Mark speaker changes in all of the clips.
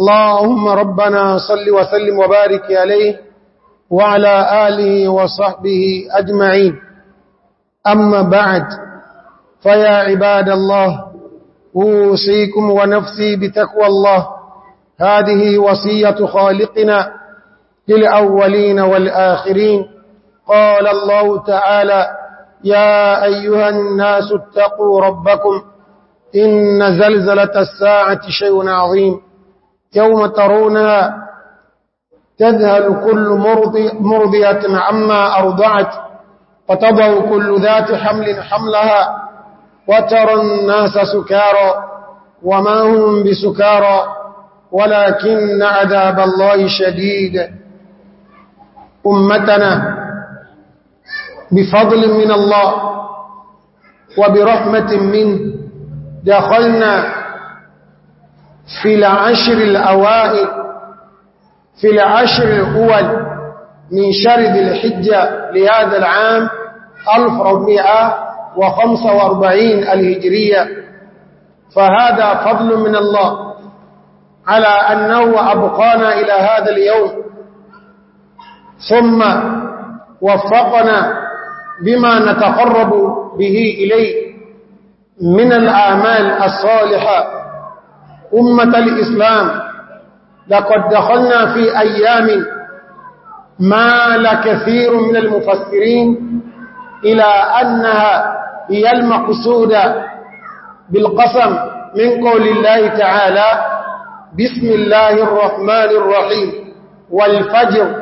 Speaker 1: اللهم ربنا صل وسلم وبارك عليه وعلى آله وصحبه أجمعين أما بعد فيا عباد الله أوصيكم ونفسي بتقوى الله هذه وصية خالقنا للأولين والآخرين قال الله تعالى يا أيها الناس اتقوا ربكم إن زلزلة الساعة شيء عظيم يوم ترونها تذهل كل مرضي مرضية عما أرضعت وتضع كل ذات حمل حملها وترى الناس سكارى وما هم بسكارى ولكن عذاب الله شديد أمتنا بفضل من الله وبرحمة منه دخلنا في العشر الأوائل في العشر الأول من شرد الحجة لهذا العام 1445 الهجرية فهذا فضل من الله على أنه أبقانا إلى هذا اليوم ثم وفقنا بما نتقرب به إليه من الآمال الصالحة أمة الإسلام لقد دخلنا في أيام ما لكثير من المفسرين إلى أنها هي المقصودة بالقسم من قول الله تعالى بسم الله الرحمن الرحيم والفجر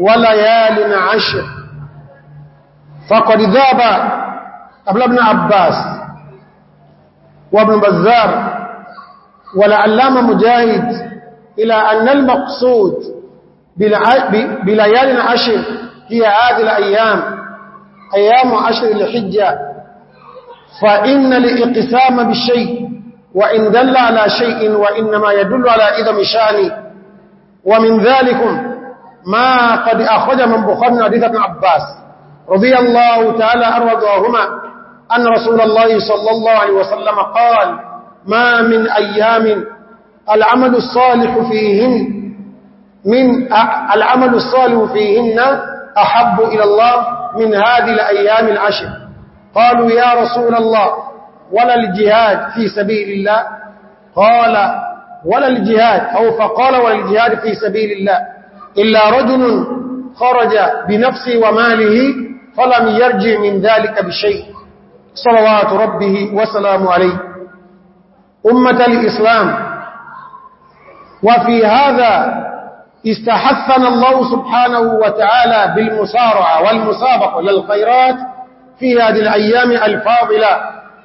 Speaker 1: وليال عشر فقد ذاب قبل ابن عباس وابن بزار ولعلام مجاهد إلى أن المقصود بليال عشر هي هذه الأيام أيام عشر الحجة فإن الإقسام بالشيء وإن دل على شيء وإنما يدل على إذا شاني ومن ذلك ما قد أخذ من بخار من حديث عباس رضي الله تعالى أرضاهما أن رسول الله صلى الله عليه وسلم قال ما من أيام العمل الصالح فيهن من العمل الصالح فيهن أحب إلى الله من هذه الأيام العشر قالوا يا رسول الله ولا الجهاد في سبيل الله قال ولا الجهاد أو فقال ولا الجهاد في سبيل الله إلا رجل خرج بنفسه وماله فلم يرجع من ذلك بشيء صلوات ربه وسلام عليه أمة الإسلام وفي هذا استحثنا الله سبحانه وتعالى بالمسارعة والمسابقة للخيرات في هذه الأيام الفاضلة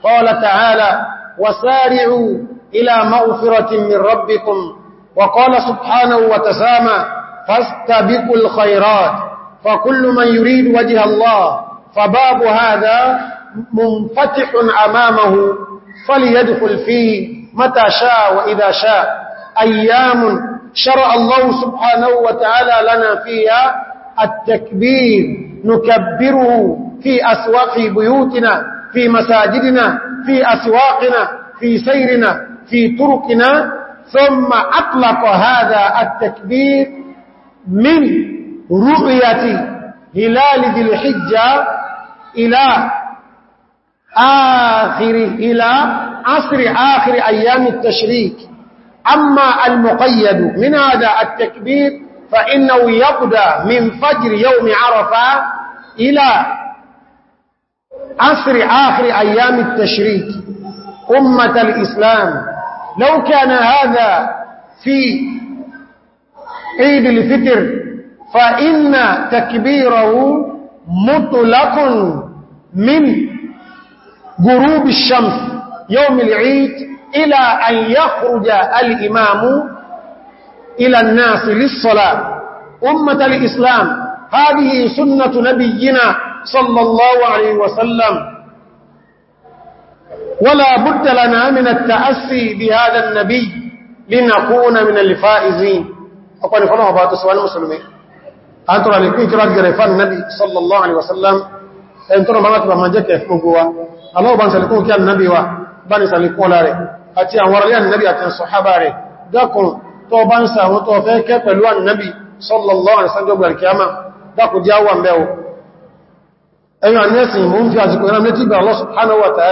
Speaker 1: قال تعالى وسارعوا إلى مغفرة من ربكم وقال سبحانه وتسامى فاستبقوا الخيرات فكل من يريد وجه الله فباب هذا منفتح أمامه فليدخل فيه متى شاء وإذا شاء أيام شرع الله سبحانه وتعالى لنا فيها التكبير نكبره في أسواق بيوتنا في مساجدنا في أسواقنا في سيرنا في طرقنا ثم أطلق هذا التكبير من رؤية هلال ذي الحجة إلى آخر إلى عصر آخر أيام التشريك أما المقيد من هذا التكبير فإنه يبدأ من فجر يوم عرفة إلى عصر آخر أيام التشريك أمة الإسلام لو كان هذا في عيد الفتر فإن تكبيره مطلق من غروب الشمس يوم العيد إلى أن يخرج الإمام إلى الناس للصلاة أمة الإسلام هذه سنة نبينا صلى الله عليه وسلم ولا بد لنا من التأسي بهذا النبي لنكون من الفائزين أقول فنوه سؤال المسلمين أنتم عليكم كرات جريفان النبي صلى الله عليه وسلم ẹni tọ́rọ bàbá ti bàmà jẹ́ kẹ fún gbogbo wa aláwọ̀ bá ń sàlẹ̀kún kí annabi wa bá ní sàlẹ̀kún ọlá rẹ̀ àti àwọn aráyà annabi àti sọ̀hábà rẹ̀ dákùn tó bá ń sàwọn tó fẹ́ kẹ́ pẹ̀lú annabi sallallahu alaihi wasallam gbàrkìyàmà dákùn já wà mẹ́wọ̀ ẹ̀yìn àníẹ́sìn mú ń fi àsìkò ìrán létí ìbẹ̀rẹ̀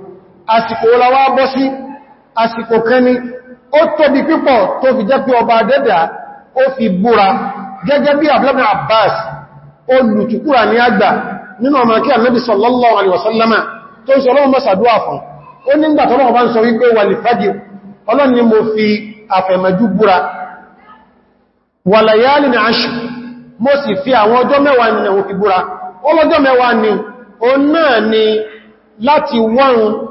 Speaker 1: àsìkò olawa bọ́ sí àsìkò kẹni ó tóbi pípọ̀ tó fi jẹ́ pé ọba dẹ́dà ó fi búra gẹ́gẹ́ bí abúlọ́bìn Abbas olùtukúra ní àgbà nínú ọmọ kí sallallahu alaihi wasallama tó ń sọ ọlọ́run mọ́sàdúwà fún ó nígbà tọ́lọ́run bá ń sọ wípé wà lè fàájì ọlọ́run ni mo fi àfẹ̀mẹ́jú búra wà láyálì ní aṣù mo láti wọ́run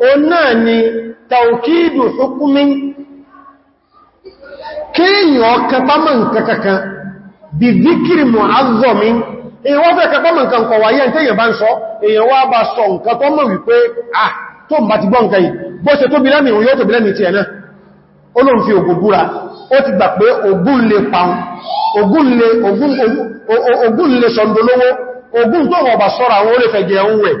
Speaker 1: o náà ni tàùkìdù hukumi kíyàn ọkàtàmà nkankan bí zikiri mu'azzomi èyàn fẹ́ kàtàmà nkan kọ̀wà yẹ́ tẹ́yàn bá ń sọ èyàn wá sọ nkan tó mọ̀ wípé ah tó bá ti gbọ́n kẹyìn bó ṣe tó bí lẹ́mì òun tó bí lẹ́mì ti àwọn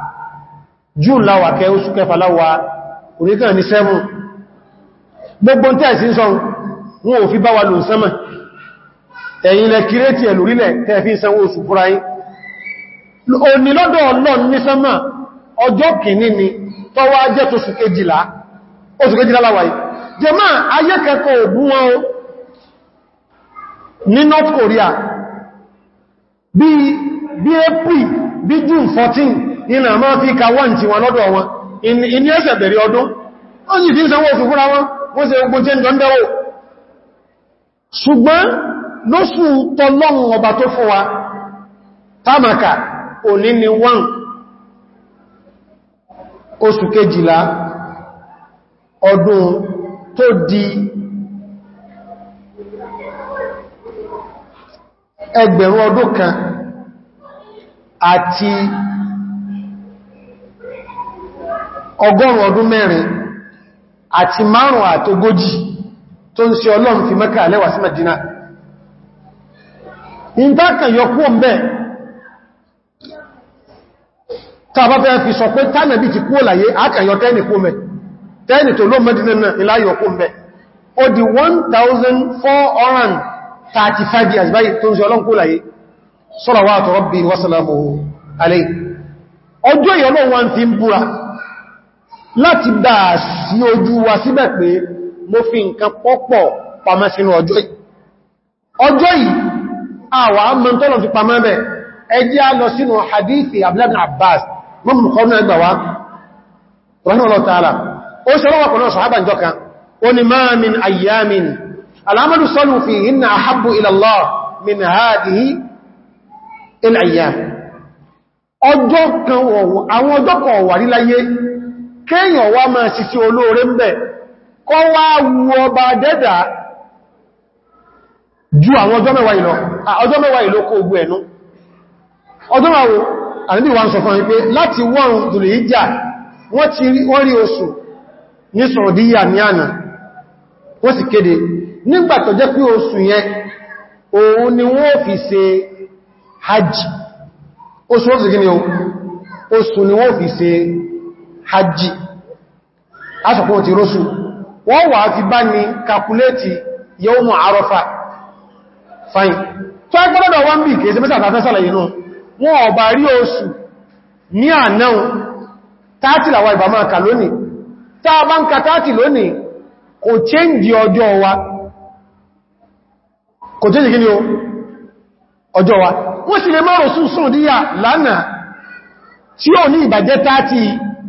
Speaker 1: june láwà kẹ oṣù kẹfà láwà oríkàn ní sẹ́mù gbogbo tí ẹ̀sí ń sọ wọn ò fi bá wa lò sẹ́mà ẹ̀yìn ilẹ̀ kírètì ẹ̀ lórílẹ̀ tẹ́ẹ̀fí sanwó oṣù fúra yí òní lọ́dọ̀ Ọlọ́run ní sẹ́mà ọjọ́ kìíní ni tọ́wọ́ ajẹ́ oṣù kejìlá oṣù kejìlá láwà yìí jẹmá ayé kẹ́kọ̀ọ́ òbú wọn ní 14 nínú àmá fi ka wọ́n tí wọn lọ́dọ̀ wọn iní ẹsẹ̀ bẹ̀rẹ̀ ọdún ó fi ń sanwó fúnra wọn wọ́n ogun tí ń ṣùgbọ́n lóṣù tamaka òní ni wọ́n oṣù kejìlá di ẹgbẹ̀rún ọdún kan ọgọ́rùn ọdún mẹ́rin àti márùn àtogójì tó ń ṣe ọlọ́run fi Mẹ́kà lẹ́wà sí Mẹ́dínà ìntàkà yọkú ọmọ tàbá fẹ́ fi sọ pé tánàbí ti kú òlàyé àkàyọ tẹ́nì kú mẹ́ 1435 years ọjọ́ ìyọ́lọ́wọ́n ń búra láti bá sí ojú wa síbẹ̀ pé mo fi nǹkan pọ́pọ̀ pamọ́ sínú ọjọ́ yìí ọjọ́ yìí àwà mọ́ntọ́lọ̀ fi pamọ́ bẹ̀ ẹjẹ́ a lọ sínú hadithi abdullahi abbas mọ́mù kọ́nà ẹgbà wá rahimahullahu ta'ala ó ṣe rọ́wọ́ pẹ̀lú ṣàhábà ìjọ kan ó ní ma min ayyamin al'amalu sallu ọjọ́ kan wọ̀wọ̀ àwọn ọjọ́ kan wà rí kéèyàn wá máa sì olóore ń bẹ̀ kọ́ wá ọba dẹ́dà ju àwọn ọjọ́ mẹ́wàá ìlọ ọjọ́ mẹ́wàá ìlọ kó ogun ẹ̀nu ọjọ́ mẹ́wàá àníbí wa ń sọ fún láti wọ́n ìjà wọ́n ti rí oṣù ní sọ̀rọ̀díyà fi hajji asọ̀pọ̀ ti rọ́sù wọ́n wà ti bá ní kàkùlétì yóò mọ̀ àrọ́fà fine tó ẹgbẹ́lọ́dọ̀ wọ́n bí kèsí mẹ́sà àtàtàsàlẹ̀ yìí wọ́n ọba rí oṣù ní ànáun tààtì ìbàmọ́ lónìí bá wa wa tí ó ní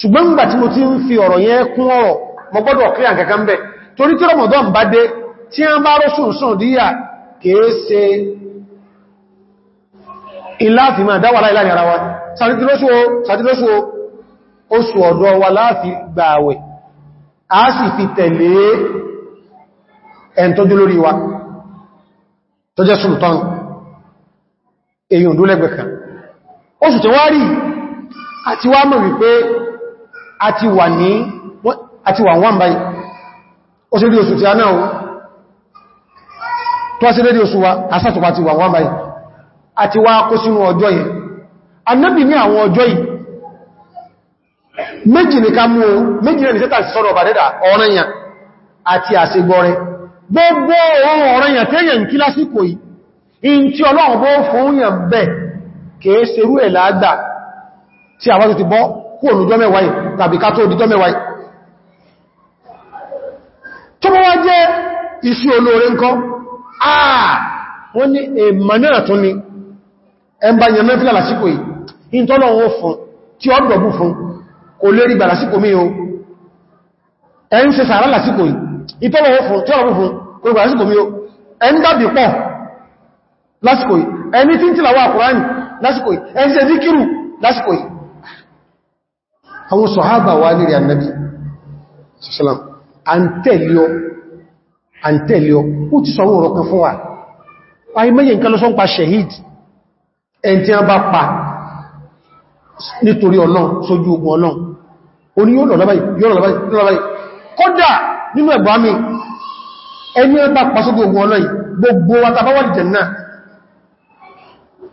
Speaker 1: ṣùgbọ́n gbà tí mo ti ń fi ọ̀rọ̀ yẹn kún ọ̀rọ̀ mo gbọ́dọ̀ kí àǹkankan bẹ̀ torí tí Ramadan bá dé tí a bá rọ́ sùnsùn díyà kìí ṣe ìláàfí máa dáwà láìláàrin wa sultan èyí òǹdó lẹ́gbẹ̀kan oṣù àti wá mọ̀ wípé àti wà ní àti wà wọ́n báyìí ó sì rí oṣù tí a náà tó sì rí oṣù wa asátùpá ti wà wọ́n báyìí àti wá kó sínú ọjọ́ yìí Ànábì ní àwọn ọjọ́ yìí méjì ní ká mú o méjì ní sẹ́tà sọ́rọ̀ bàdẹ́dà ọ̀rẹ́yàn àti àṣegbọ́rẹ gbogbo ọ̀rọ̀ ọ̀rẹ́yàn tẹ́yàn kí lásìkò yìí in tí ọlọ́run bó fún yàn bẹ̀ kèé serú ẹ̀ láàgbà tí àwọn ti bọ́ kú òlùjọ́ mẹ́wàá tàbí ká tó òdíjọ́ mẹ́wàá tó bọ́ wá jẹ́ iṣẹ́ olóore ńkọ́ àà wọ́n ní èèmà náà tún ni ẹmbà yẹn mẹ́fílà lásìkò yìí ìntọ́lọ̀ wọn fún tí ó dọ̀bù fún kò lè rí gbà lásìkò mí o ẹ ń ṣe sàárà lásìkò yìí ìntọ́lọ̀ wọn fún tí ó dọ̀bù fún kò lè lásìkò mí o ẹ ń pọ̀ lásìkò yìí ẹni tí ń tìlàwà Kùránì lásìkò yìí ẹ ń díkìrù lásìkò yìí àwọn sọ̀hábà wà ní rí annabi sọ́sọ́lám àntẹ́lẹ́ọ́ ó ti sọ̀rọ̀ ọ̀rọ̀ kan fún wa ayé mẹ́yẹ nǹkan lọ́sọ́ ń pa shahid ẹn tí a bá pa nítorí ọlọ́n sójú ogun ọlọ́n o ní yóò lọ́lọ́báyì yóò lọ́lọ́báyì kódà nínú ẹ̀bọ̀ àmì ẹni ẹbá pa sójú ogun ọlọ́yìn gbogbo wa tá bá wà ní Jánnà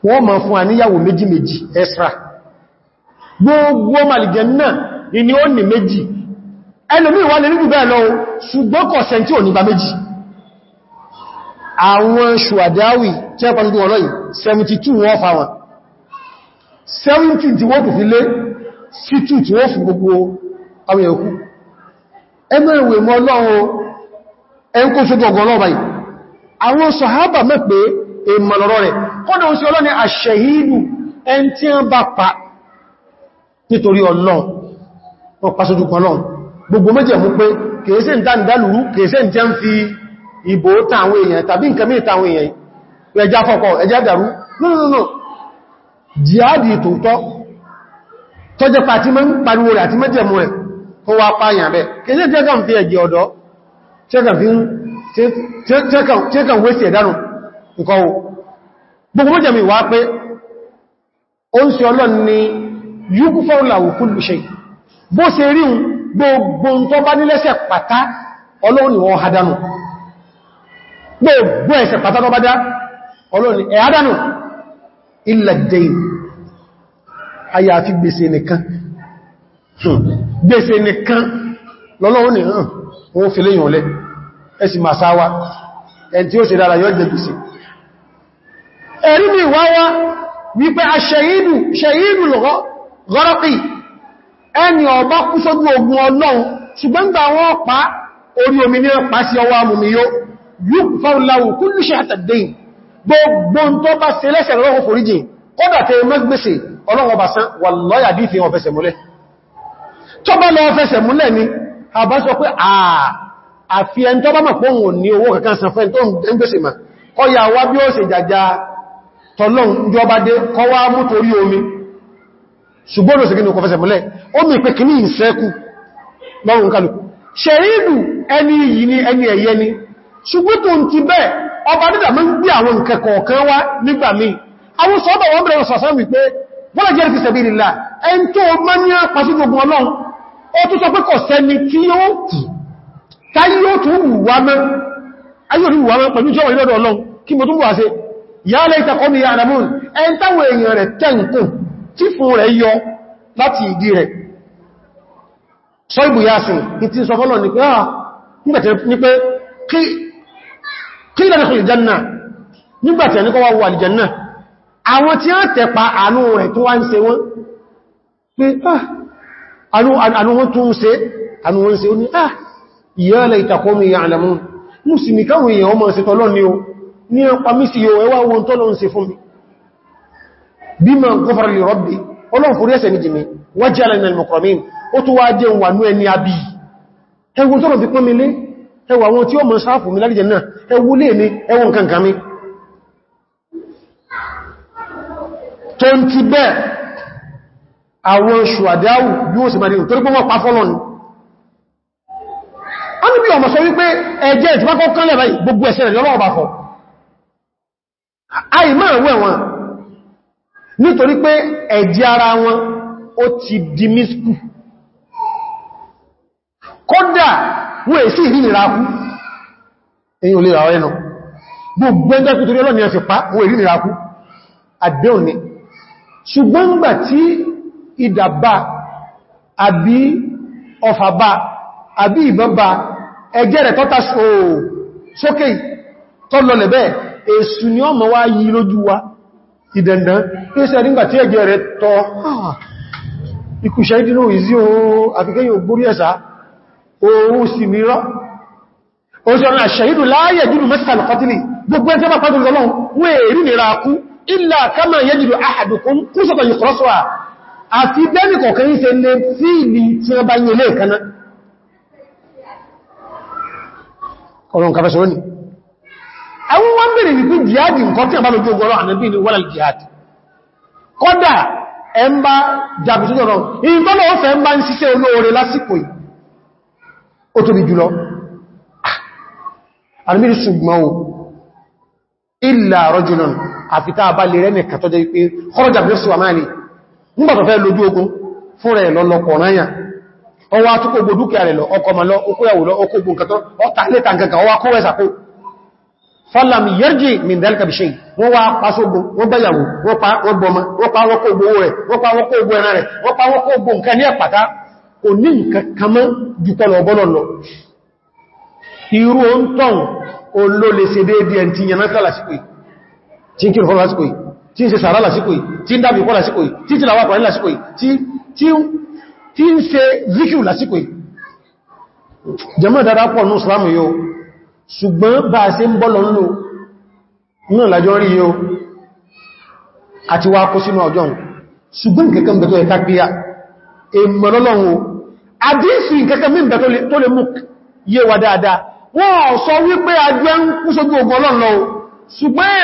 Speaker 1: wọ́n máa fún àníyàwó méjì méjì extra gbogbo màlìjẹ̀ náà ni ó ní méjì ẹlòmí wà lè nínú bẹ́ẹ̀ lọ ṣùgbọ́n kọ̀ sẹ tí ò nígbà méjì àwọn ṣùwàdáwì tí ẹ pàtàkì ọlọ́yìn 72 wọ́n fa wọn 70 tí wọ́n kò fi lé 62 tí wọ́n fi gbogbo àwọn ẹ̀kú ẹgbẹ́ ìwé mọ́ ọlọ́run ẹnkó ń bá pa nítorí ọlọ́ ọpasójú pọ̀lọ́ gbogbo méjì mú pé kèése ń dánidálùrú kèése ń jẹ́ ń fi ìbò tàwọn èèyàn tàbí nǹkan mí tàwọn èèyàn ẹjá fọ́kọ̀ ẹjá dàrú no no no jihadi tòótọ́ tọ́jẹ́ pàtí mẹ́ ń pariwo rẹ̀ àti mẹ́jẹ̀mú rẹ̀ kó wá pààyàn bẹ́ kèése tẹ́kàn fi ẹ̀jẹ̀ ọ̀dọ́ tẹ́kàn wéṣẹ̀ dánù nǹkan gbogbo méjì mi wá pé ó ń se ọlọ́ ni yúkúfọ́rún làwòkú lùṣe bó ṣe rí un gbogbo tó bá nílẹ́ṣẹ̀ pátá ọlọ́run ìwọ̀n àdánù gbogbo ẹ̀ṣẹ̀ pátá tó bá dá ọlọ́run ẹ̀ àdánù ilẹ̀ dẹ̀yìn ayà àti gbèsè nìkan hmm. gbèsè nìkan lọ́lọ́run ni hàn hmm, wọ́n fi léyìn ọlẹ́ ẹ̀sì máa sáwá ẹ̀rí mi wáwá wípé a ṣẹ̀yìnù ṣẹ̀yìnù lọ́gọ́ gọ́rọ̀kì ẹni ọba kú sójú ogun ọlọ́run ṣùgbọ́n gbà wọ́n pa orí omi ní ọpa sí ọwọ́ amùmí yóò yóò fọ́nláwò kúlù ṣe àtàdéyìn gbogbo tó bá se lẹ́sẹ̀ lọ́wọ́ foríjì kọ́dà tẹ mẹ́gbèsè ọlọ́run ọba sán wàlọ́yà ni a bá sọ pé àfi ẹn tó bá mọ̀ pé ní owó kankan san tó ń gbèsè mà kọ́ ya wá bí ó ṣe jàjà tọ́lọ́run jọba dé kọ́ wá mú torí omi ṣùgbọ́n ló ṣegínú kọfẹ́sẹ̀ mọ́lẹ̀ ó mi pé ní ìṣẹ́kù lọ́rùn kálù ṣẹ̀rídù ẹni yìí ni ẹni ẹ̀yẹ ni ṣùgbọ́n tó ń ti bẹ́ẹ̀ ọba dídà mọ́ ń gbé àwọn kẹkọ̀ọ̀kan wá nígbà míì àwọn sọ́dọ̀ wọ́n bẹ̀rẹ̀ sọ̀sán wípé wọ́n lè jẹ́ fi sẹ̀bí ìlà ẹni tó mọ́ ní pàṣípògùn ọlọ́run ó tó sọ pé kọ̀ sẹ́ni tí yóò tì tá yóò tún wùwá mẹ́ ayé òní wùwá mẹ́ pẹ̀lú jọ́wọ́ ìlọ́dọ̀ ọlọ́run kí mo tún wà sí yálẹ́ ìtàkọ́ ni àdàmùn ẹni táwọn èèyàn rẹ̀ tẹ́ǹkùn tí fún rẹ̀ yọ láti ìdí rẹ̀ ṣọ́ìbù yásìn ìtí sọ fọ́lọ̀ ní pé àà ah, nígbàtẹ̀ ní pé kí ìlànà kòlì janna nígbàtẹ̀ ní kọwàá wà janna àwọn tí a tẹ̀pa àánú rẹ̀ tó wá ń ṣe wọ́n pé ah, àánú wọn tún ṣe àánú wọn ṣe ó ní à ìyẹ́lẹ̀ ìtàkọ́mì ya'lamun mùsùlùmí káwọn èèyàn ọmọ ìsẹ̀tọ́lọ́ ni ó ní ọpa mísì yóò bima ghufira li rabbi ọlọ́run forí ẹ̀ṣẹ̀ ní jìmí waj'alani minal mukramin ó tó wá jẹ́ wà ní ẹni àbí ẹwọ tọ́rọ fi pín mi lé ẹwọ àwọn tí ó mọ̀ sáàfù mi láríjẹ náà ẹwọ lé mi ẹwọ nǹkan mi tó ń ti ni a ní bí ọmọ sọ nítorí pé ẹ̀jẹ̀ ara wọn ó ti di mísù kódà wọ́n èsì ìrìnlẹ̀ akú èyí ò lè rà ọ́rẹ́nà gbogbo ẹgbẹ́ kú torí ọlọ́ni ẹ̀fẹ̀ pa wọ́n ìrìnlẹ̀ akú àdéhùn ni ṣùgbọ́n gbà tí ìdàbà àbí ọfàbà àbí ìbọ́bà ẹgẹ́ rẹ̀ tọ́ta sókè tọ́lọlẹ̀ bẹ́ẹ̀ èsù ni ọmọ wá yí lójú wa ti dandan pèsè nígbà tí ẹgbẹ̀ rẹ̀ tọ́ ikúṣẹ́ ìdínú ìzí oó àfikẹ́yìn ògbórí ẹ̀sà oó sì mìíràn ó sì ọ̀nà ṣẹ̀yìnù láyẹ̀ jùlù mẹ́sàn kọtílì gbogbo ẹjọ́ bá pàtàkì ọlọ́run kama yẹ́jìlù àhàdùkún kú sọ́tọ̀ yìí kọ́sọ́wà àti bẹ́ẹ̀ni kọ̀kẹ́ ń se lè tí ìlì tí wọ́n bá yẹ àwọn wọ́n bèèrè wípé jihadi nǹkan tí a bá lójú ọgọ́rọ̀ ànábì ni wọ́n jihadi kọ́dà ẹmbá jàbìtújọ́ náà ìfọ́nà ó fẹ́ ń bá ń ṣiṣẹ́ olóore lásìkò yìí ó tóbi jùlọ ah, ànábì ṣùgbọ́n o ìlà rọ́jùlọ́n àfitá abalẹ̀ rẹ̀ nìkan tọ́jẹ́ wípé kọ́rọ̀jà bí ó sì wà máa ní nígbàtọ̀ fẹ́ lójú ogun fún rẹ̀ lọ́lọ́pọ̀ náà ọwọ́ atukọ̀ gbogbo dúkìá lọ ọkọ̀ mọ̀ lọ okóyàwó lọ okógun kẹtọ́ ọ̀tà lẹ́ta nǹkan kan ọwọ́ akọ́wẹ́sàkó fọ́làm yẹ́rjì mìndẹ́lka bí ṣe wọ́n wá pàṣogbo wọ́n gbẹ̀yàwó wọ́n pa wọ́kọ̀ ogbò rẹ̀ wọ́n pa wọ́kọ̀ ogbò ẹ̀nà rẹ̀ wọ́n pa wọ́kọ̀ ogbò nǹkan ní ẹ̀pàtá kò ní nǹkan kamọ́ jùkọlọ̀ ọgbọ́nà lọ irú oúntọ́n olóòlè se déédé ẹn ti yẹnà lásìkò yìí tí ń kí ìrùfọ́ lásìkò yìí tí ń ṣe sàárá lásìkò yìí tí ń dábì kọ́ lásìkò yìí tí ti làwà pàdé lásìkò yìí tí ń ṣe ṣùgbọ́n bá ṣe ń bọ́lọ̀ ńlò náà lájọ́ rí yóò àti wá kó sínú ọjọ́ ṣùgbọ́n kẹ́kẹ́ mẹ́tọ́ ẹ̀ká píyà èmọ̀lọ́lọ́wọ́ àdíṣì kẹ́kẹ́ mẹ́bẹ̀ tó lè mú yé wa dáadáa wọ́n sọ wípé ajẹ́ ń kú sójú ogun ọlọ́run lọ ṣùgbọ́n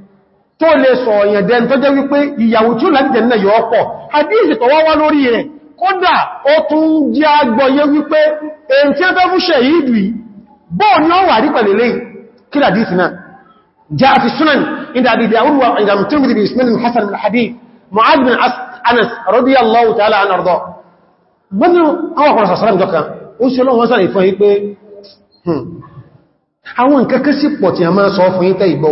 Speaker 1: tó lè sọ ọ̀yẹ̀dẹn tó jẹ́ wípé ìyàwó tí ó láti jẹ̀nà yọ ọ̀pọ̀. Hadíìsì tó wá wá lórí rẹ̀, kódà ó tún jẹ́ agbọ̀yẹ wípé èyí tí ó fẹ́ fún ṣe ìdù bóò ní ọwà rí pẹ̀lẹ̀lẹ́ kílàdíìsì náà. Jẹ́ àti súnan inda Abi Dawud wa inda Tirmidhi bi Ismail bin Hasan al-Hadith, Mu'adh bin Anas radiyallahu ta'ala hmm, àwọn nǹkan kí sí pọ̀ tí a máa sọ fún yí ìgbọ́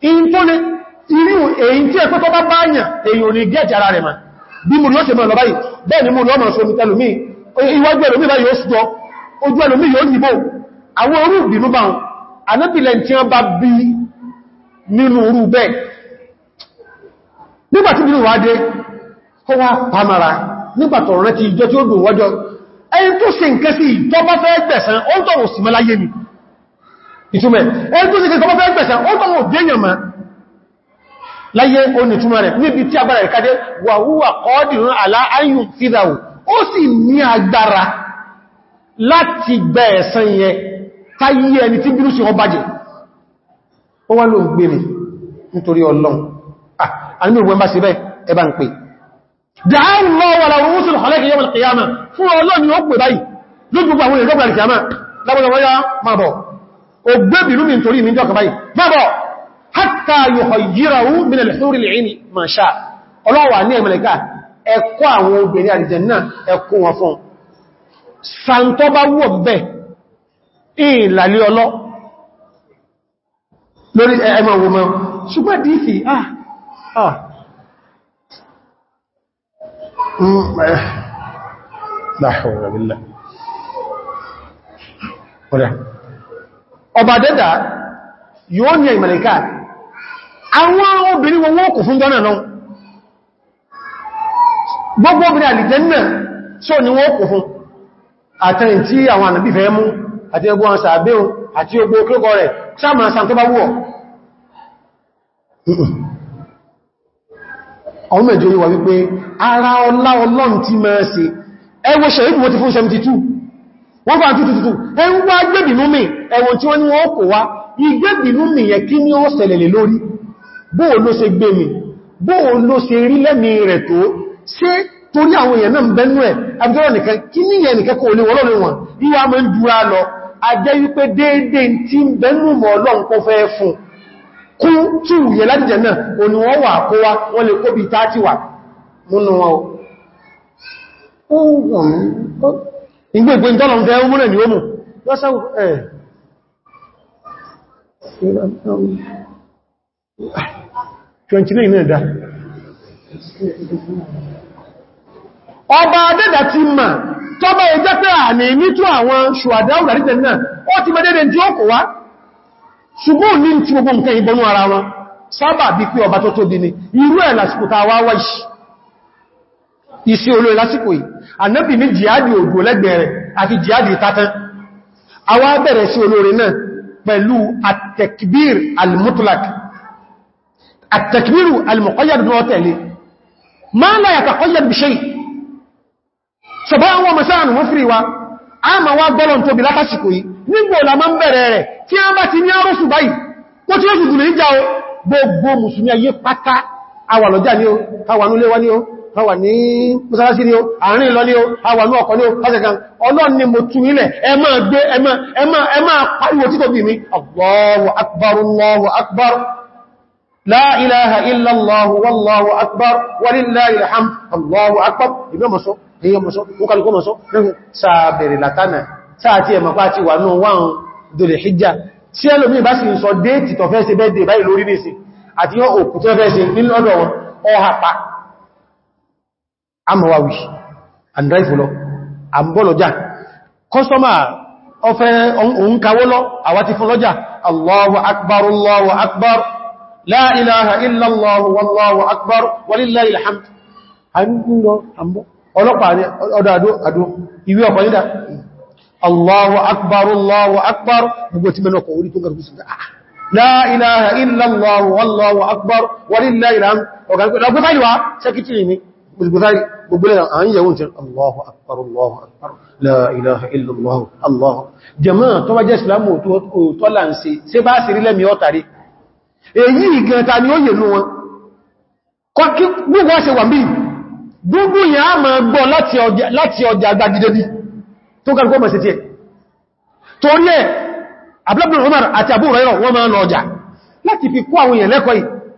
Speaker 1: in tó lè irú èyí tí ẹ̀kọ́ tó bá báyàn èyí ò ní gẹ́ẹ̀tì ara rẹ̀ ma bí mú lọ́sẹ̀ mọ́ lọ báyìí bẹ́ẹ̀ ni mú lọ́mọ̀ sọ mítẹ́lùmí iwájú ẹlòmí báyìí ó sùjọ ojú ẹlòmí yóò yìnbó àwọn orú ìbínú bá wọn anábìlẹ̀ tí wọ́n bá bí nínú orú bẹ́ẹ̀ nígbàtí bínú wá dé kó wá pàmàrà nígbàtí ọ̀rẹ́ ti ìjọ tí ó dùn wọ́jọ́ ẹni tó ṣe nǹkan sí ìjọba fẹ́ gbẹ̀sán ó ìtumẹ̀ ẹni tó sì kí sọmọ́fẹ́ gbẹ̀sẹ̀ ó tọ́wọ́ déyàn ma láyé ó ní túnmọ̀ rẹ̀ níbi tí agbára rẹ̀ kádé wà húwà kọ́ọ̀dìrún àlá ayù fídàwò ó sì ní agbára láti gbẹ̀ ẹ̀san yẹ táyé ẹni tí bínú sí wọn bàjẹ́ ó wá ló ń gbé mi nítorí ọlọ́run lábọ̀lọ́wọ́ ya máa bọ̀ ògbébìrú mi nítorí mi jọ́ kàbáyì bọ́bọ̀ hátà yóò yíraú minal húrí lèyìn mọ̀ṣá ọlọ́wà ní ẹmẹ́lẹ́ká ẹkọ́ àwọn obìnrin àlìjẹ̀nnà ẹkùn wọn fún sàntọ́ bá wọ́ bẹ́ ìlàlẹ́ ọlọ́ lórí ẹmọ̀ wọ́mọ́ ṣùgbọ́n dìífì ah ah hmm, la hawla billah ọba dẹ́dà yóò ní ìmàlẹ̀ká àwọn obìnrin wọn wọ́n kò fún jọ́nà náà gbogbo obìnrin àlìjẹ́nà só ni wọ́n kò fún àtẹ́yìn tí àwọn ànàbí fẹ́ mú àti ẹgbọ́n wọn sàbẹ́un àti ogbó kílógọ rẹ̀ sáàmà sàn tó bá wọ́ wọ́n bá tútùtù ẹ ń wá gbẹ̀bìnú mi ẹ̀wọ̀n tí wọ́n ní wọ́n kò wá ìgbẹ̀bìnú mi yẹ kí ní ó ṣẹlẹ̀ lórí bóò ló ṣe gbé mi bóò ló ṣe rí lẹ́mi rẹ̀ tó ṣe torí àwọn èèyàn náà bẹ́nu ẹ̀ abúrò nìkan kí ní yẹ nìkan kò lè wọ́lọ́rin wọn ìwà mọ́ ń dúra lọ a ìgbègbè ìtọ́lọ̀ ń fẹ́ ni ó ọba adẹ́dà ti mà tọ́bọ̀ ẹjẹ́ pé à ní nítú àwọn ṣùwàdá òdàrítẹ̀ náà ó ti mẹ́dẹ́dẹ̀ tí ó kò wá ṣùgbọ́n ara wọn sábà bí ọba tó tóbi ni irú ẹ̀ lásìkò isi olóyìn lásìkò yìí annabi ní jihadi ògbò lẹ́gbẹ̀ẹ́rẹ̀ àti jihadi tatan àwa bẹ̀rẹ̀ sí olóre náà pẹ̀lú at-takbir al-mutlaq at-takbiru al-muqayyad bí wọ́n tẹ̀lé ma la yataqayyad bi shay sọ̀bọ́n wọn mọ̀sáàrùn wọ́n fìrí wa a ma wá gbọ́lọ̀ tóbi látàsìkò yìí nígbò la o àwà ní mọ́sálásí ni ó àárín ìlọ ní ó àwà ní ọkọ̀ ní ó pàṣẹkan ọlọ́run ni mo tú nílẹ̀ ẹ máa gbé ẹ máa pariwo títò bí mi Allahu akbar Allahu akbar la ilaha illa Allah wallahu akbar walillahil hamd Allahu akbar ìbí ọmọ sọ èyí ọmọ sọ ó kàlùkọ́ mọ̀ sọ lẹ́hùn sàbẹ̀rẹ̀ látánà sáàtí ẹ̀mọ̀ pàá ti wà náà wáhùn dòlè hijjá tí ẹlòmí bá sì ń sọ déètì tọ̀fẹ́ sí bẹ́ẹ̀dẹ̀ báyìí lórí nìsìn amawawi and drive lọ àmbọ́lọ́já kọ́sọ́mà ọfẹ́ òun kawó lọ àwátí fún lọ́já allahu akbar allahu akbar la ilaha illa allahu wallahu akbar walillahi alhamd Allahu akbar Allahu akbar gbogbo ti mẹ́nà ọkọ̀ orí tó garbú sí ah, la ilaha illa allahu wallahu akbar walillahi alhamd ọ̀gbẹ̀ta ìwà sẹ́kítìrì ni بالبذاري بقولنا أن يقول الله أكبر الله أكبر لا إله إلا الله الله جماعة توجه إسلام وطولانسي سيبا سيري لم يوتاري يجي gan ta ni ó yè nú wọn kọkí gbogbo ṣe wà bí gbogbo yẹn a máa gbọ́ láti ọjà agbágidé bí tó kàrí kọ́ mẹ́sẹ̀ tí ẹ̀ torí ẹ̀ abúlábùn Umar àti Abu Hurairah wọ́n máa lọ ọjà láti fi kó àwọn èèyàn lẹ́kọ̀ọ́ yìí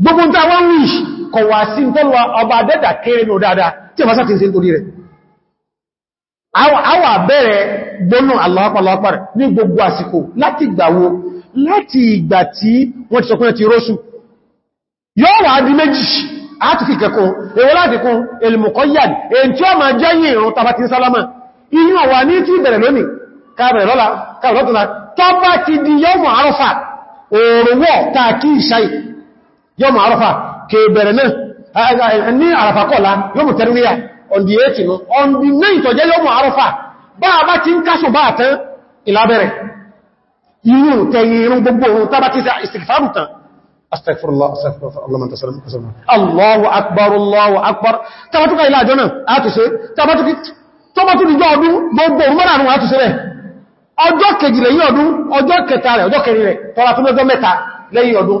Speaker 1: gbogbo ń tàwọn wíṣ kọ̀ wà sí tọ́lọ ọba dẹ́dà kéré ní òdáadáa tí a bá sáti sí nítorí rẹ̀ àwà bẹ̀rẹ̀ gbónú aláwọ̀pàá ní gbogbo àsìkò láti ìgbàwo láti ìgbà tí wọ́n ti sọkúnrẹ̀ ti róṣù yóò wà di méjì àtìkì kẹkùn èwo láti kún èlùmùkọ́yàn èyí tí lọ́la káàbẹ̀rẹ̀ lọ́tùnlá tọ́bá ti di yọ́mù àrọ́fà òòrùwọ̀ tààkì ìṣáì yọmọ àrọ́fà kèbẹ̀rẹ̀ náà ní àrọ́fà kọ́lá yọmọ tẹ́rìwíyà on the 8 no on the 9 th jẹ́ yọmọ àrọ́fà bá a bá ti ń káṣù bá àtẹ́ ìlàbẹ̀rẹ̀ inú tẹ̀yìn irun gbogbo ohun tàbá ti istighfaru tán astaghfirullah astaghfirullah Allahu akbar Allahu akbar tàbátúkà ilá àjọ náà àtúnṣe tàbátúkì tọ́bátúkì jọ ọdún gbogbo ohun mọ́ràn àrùn àtúnṣe rẹ̀ ọjọ́ kejì lẹ́yìn ọdún ọjọ́ kẹta rẹ̀ ọjọ́ kẹrin rẹ̀ tọ́ra fún ọjọ́ mẹ́ta lẹ́yìn ọdún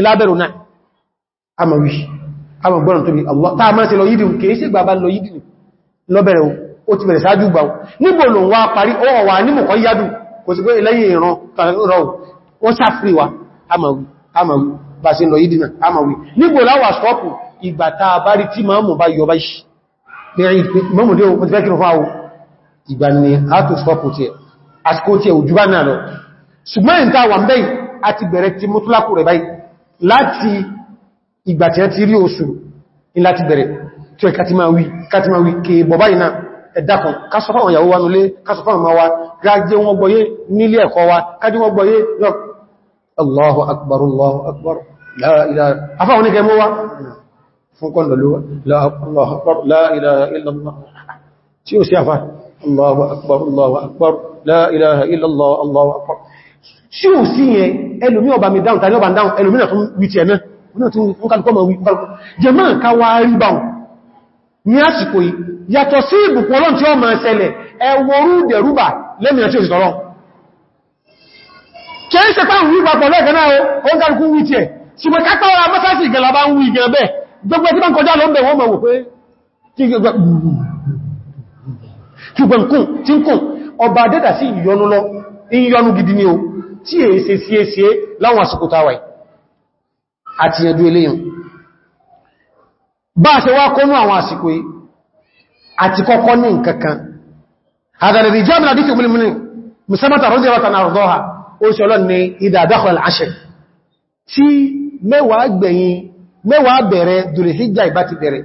Speaker 1: ìlábẹ̀rù náà a mọ̀ wí a mọ̀ gbọ́nà tóbi Allah ta máa ṣe lọ yídì kìí sí gbàbá lọ yídì lọ́bẹ̀rẹ̀ ó ti bẹ̀rẹ̀ sáájú gbà níbo lò wá parí ó wà nímọ̀ kan yádù kò sí pé lẹ́yìn ìran ó sáfrí wa a mọ̀ a mọ̀ wí bá ṣe lọ yídì a mọ̀ wí níbo láwà sọ́pù ìgbà ta bá rí tí máa mọ̀ bá yọ bá ṣì mọ́mùdé o ti fẹ́ kí n fáwọ́ ìgbà ni a tó sọ́pù tí ẹ̀ àsìkò tí ẹ̀ òjú bá náà lọ ṣùgbọ́n ìta wà àti bẹ̀rẹ̀ ti mútúlákù rẹ̀ báyìí láti ìgbà tí a ti rí oṣù láti bẹ̀rẹ̀ tí ó kàtímáwí kàtímáwí kè bọ̀bá iná ẹ̀dàkùn kásọfáwọn ìyàwó wa nulé kásọfáwọn ma wa gájé wọn gbọ́yé nílé ẹ̀kọ́ wa kájí wọn gbọ́yé lọ Allahu akbar Allahu akbar la ilaha afáwọn ní kẹmọ́ wa fún kọ́ lọ́lọ́wà Allahu akbar la ilaha illallah tí ó sí afá Allahu sí ò sí yẹn ẹlòmí ọba mi dáhùn tàbí ọba dáhùn ẹlòmí náà tún wí ti ẹ̀nà náà tún kálùkọ́ mọ̀ wí jẹmọ́ ǹká wá rí bá wọn ní àsìkò yìí yàtọ̀ sí ìbùkún ọlọ́n tí ó máa ṣẹlẹ̀ ẹwọrú dẹ̀rúbà lẹ́mìnà tí ó sì tọ́rọ kìí ṣe táwọn wí papọ̀ lẹ́ẹ̀kan náà ó ń kálùkú wí ti ẹ̀ ṣùgbọ́n kápẹ́ ọ̀rọ̀ ọba adẹ́dà sí ìyọnu lọ ìyọnu gidi ni o tí è ṣe sí é sí é láwọn àsìkòtàwà àti ẹ̀dù eléyìn bá ṣe wá kónú àwọn àsìkò yìí àti kọ́kọ́ ní nǹkankan àdàlẹ̀dì jẹ́ àmìnà díkì múlùmí musamman rọ́dí rọ́ta na rọ́dọ́ha ó ṣe ọlọ́n ni ìdàdákọ̀ aláṣẹ tí mẹ́wàá gbẹ̀yìn mẹ́wàá bẹ̀rẹ̀ dùlẹ̀híjà ìbá ti bẹ̀rẹ̀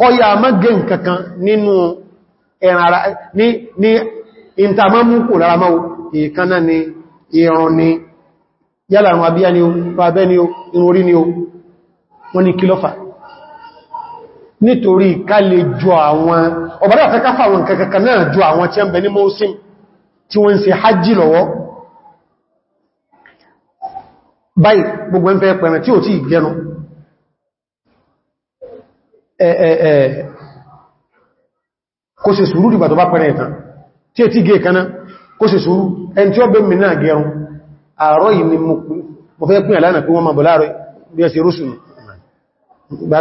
Speaker 1: kọ́yà mọ́gẹ̀ nkankan nínú ẹ̀rànra ní ìntàmọ́mùkù lára máa ìkaná ni ìrùn ni yálà àwọn abíyá ni o fàbẹ́ ni o ìrùn ni o wọ́n ni kílọ́fà nítorí ká lè jọ àwọn ọ̀bọ̀dá àtẹ́káfà àwọn kankan náà jọ àwọn tí ó ń bẹ ní mọ́sím tí wọ́n ń ṣe hajji lọ́wọ́ báyìí gbogbo ẹ̀mfẹ́ pẹ̀rẹ̀ tí ò tí ìgbẹ́nu kó ṣe sùúrù dìgbà tó bá pẹ̀rẹ̀ ìtàn tí è tí gẹ́ ìkaná kó ṣe sùúrù ẹni tí ó bẹ́ mìíràn gẹrun àárọ̀ yìí ni mo fẹ́ pín àlànà pé wọ́n ma bọ̀ láàrọ̀ bí ẹsẹ̀ rúsùn bá